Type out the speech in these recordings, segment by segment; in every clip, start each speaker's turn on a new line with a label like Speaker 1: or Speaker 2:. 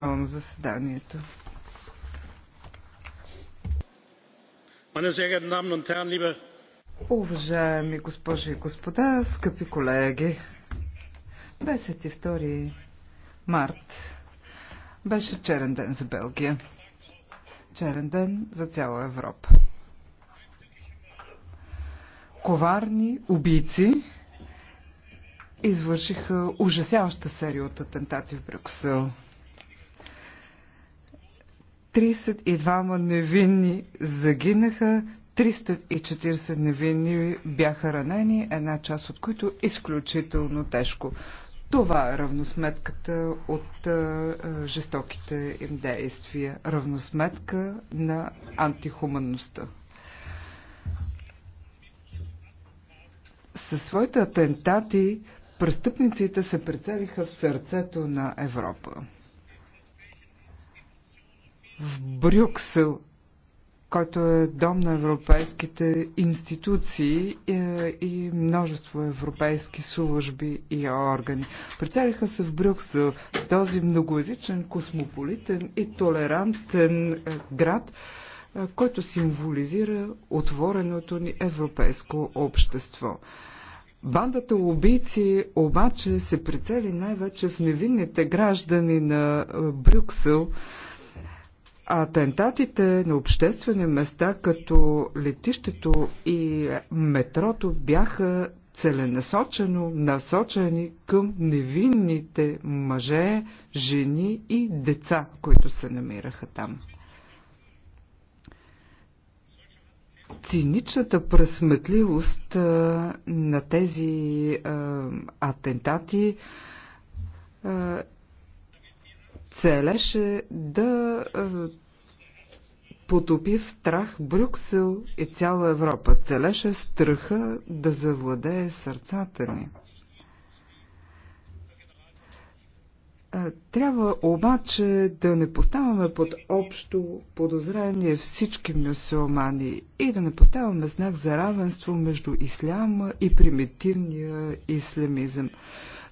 Speaker 1: Продължавам заседанието. Уважаеми госпожи и господа, скъпи колеги, 22 март беше черен ден за Белгия. Черен ден за цяла Европа. Коварни убийци извършиха ужасяваща серия от атентати в Брюксел. 32 невинни загинаха, 340 невинни бяха ранени, една част от които изключително тежко. Това е равносметката от а, жестоките им действия, равносметка на антихуманността. Със своите атентати престъпниците се прицелиха в сърцето на Европа в Брюксел, който е дом на европейските институции е, и множество европейски служби и органи. Прицелиха се в Брюксел, този многоязичен, космополитен и толерантен е, град, е, който символизира отвореното ни европейско общество. Бандата убийци обаче се прицели най-вече в невинните граждани на Брюксел, Атентатите на обществени места, като летището и метрото, бяха целенасочено насочени към невинните мъже, жени и деца, които се намираха там. Циничната пресметливост на тези атентати целеше да е, потопи в страх Брюксел и цяла Европа. Целеше страха да завладее сърцата ни. Е, трябва обаче да не поставяме под общо подозрение всички мюсюлмани и да не поставяме знак за равенство между исляма и примитивния ислямизъм.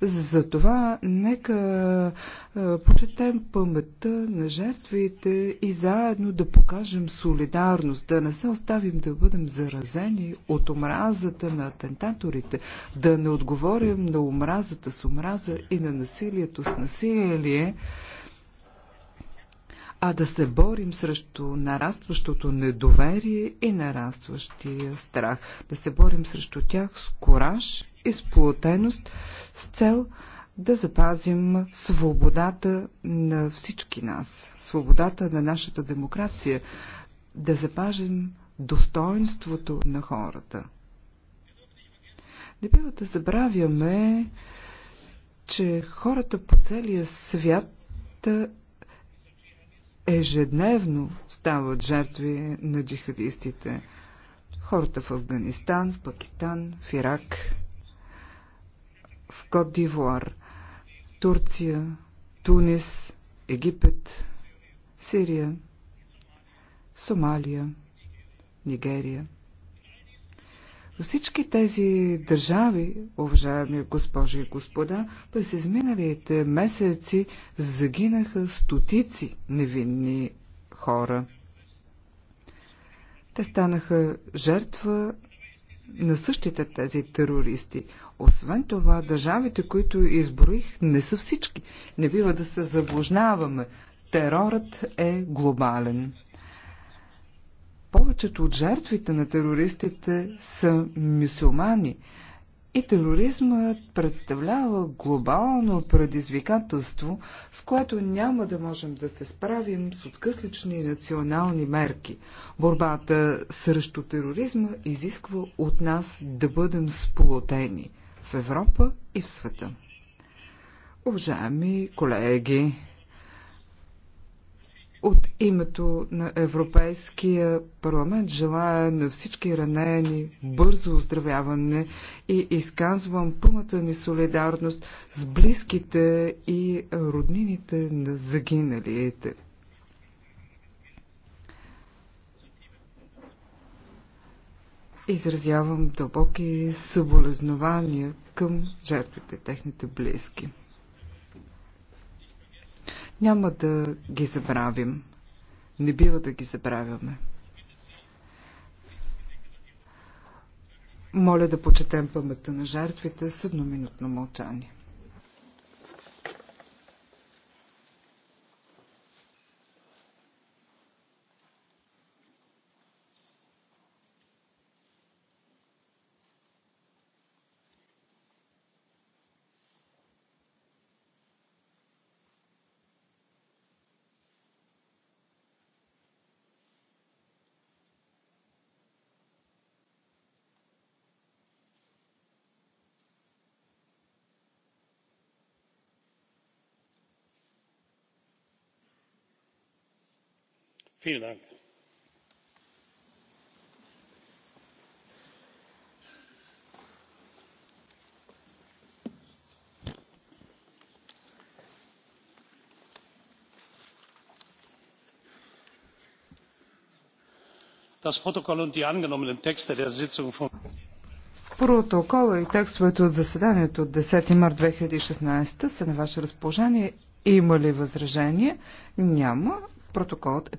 Speaker 1: Затова нека почетем паметта на жертвите и заедно да покажем солидарност, да не се оставим да бъдем заразени от омразата на атентаторите, да не отговорим на омразата с омраза и на насилието с насилие а да се борим срещу нарастващото недоверие и нарастващия страх. Да се борим срещу тях с кораж и сплотеност с цел да запазим свободата на всички нас, свободата на нашата демокрация, да запазим достоинството на хората. Не бива да забравяме, че хората по целия свят ежедневно стават жертви на джихадистите. Хората в Афганистан, в Пакистан, в Ирак в Кот Дивуар, Турция, Тунис, Египет, Сирия, Сомалия, Нигерия. всички тези държави, уважаеми госпожи и господа, през изминалите месеци загинаха стотици невинни хора. Те станаха жертва на същите тези терористи. Освен това, държавите, които изброих, не са всички. Не бива да се заблуждаваме. Терорът е глобален. Повечето от жертвите на терористите са мюсюлмани. И тероризмът представлява глобално предизвикателство, с което няма да можем да се справим с откъслични национални мерки. Борбата срещу тероризма изисква от нас да бъдем сплотени – в Европа и в света. Уважаеми колеги, от името на Европейския парламент желая на всички ранени бързо оздравяване и изказвам пълната ни солидарност с близките и роднините на загиналите. Изразявам дълбоки съболезнования към жертвите, техните близки. Няма да ги забравим. Не бива да ги забравяме. Моля да почетем паметта на жертвите с едноминутно мълчание. vielen dank! Протоколът и текстовете от заседанието от 10 март 2016 са на ваше разположение. Има ли възражение? Няма. Протоколът е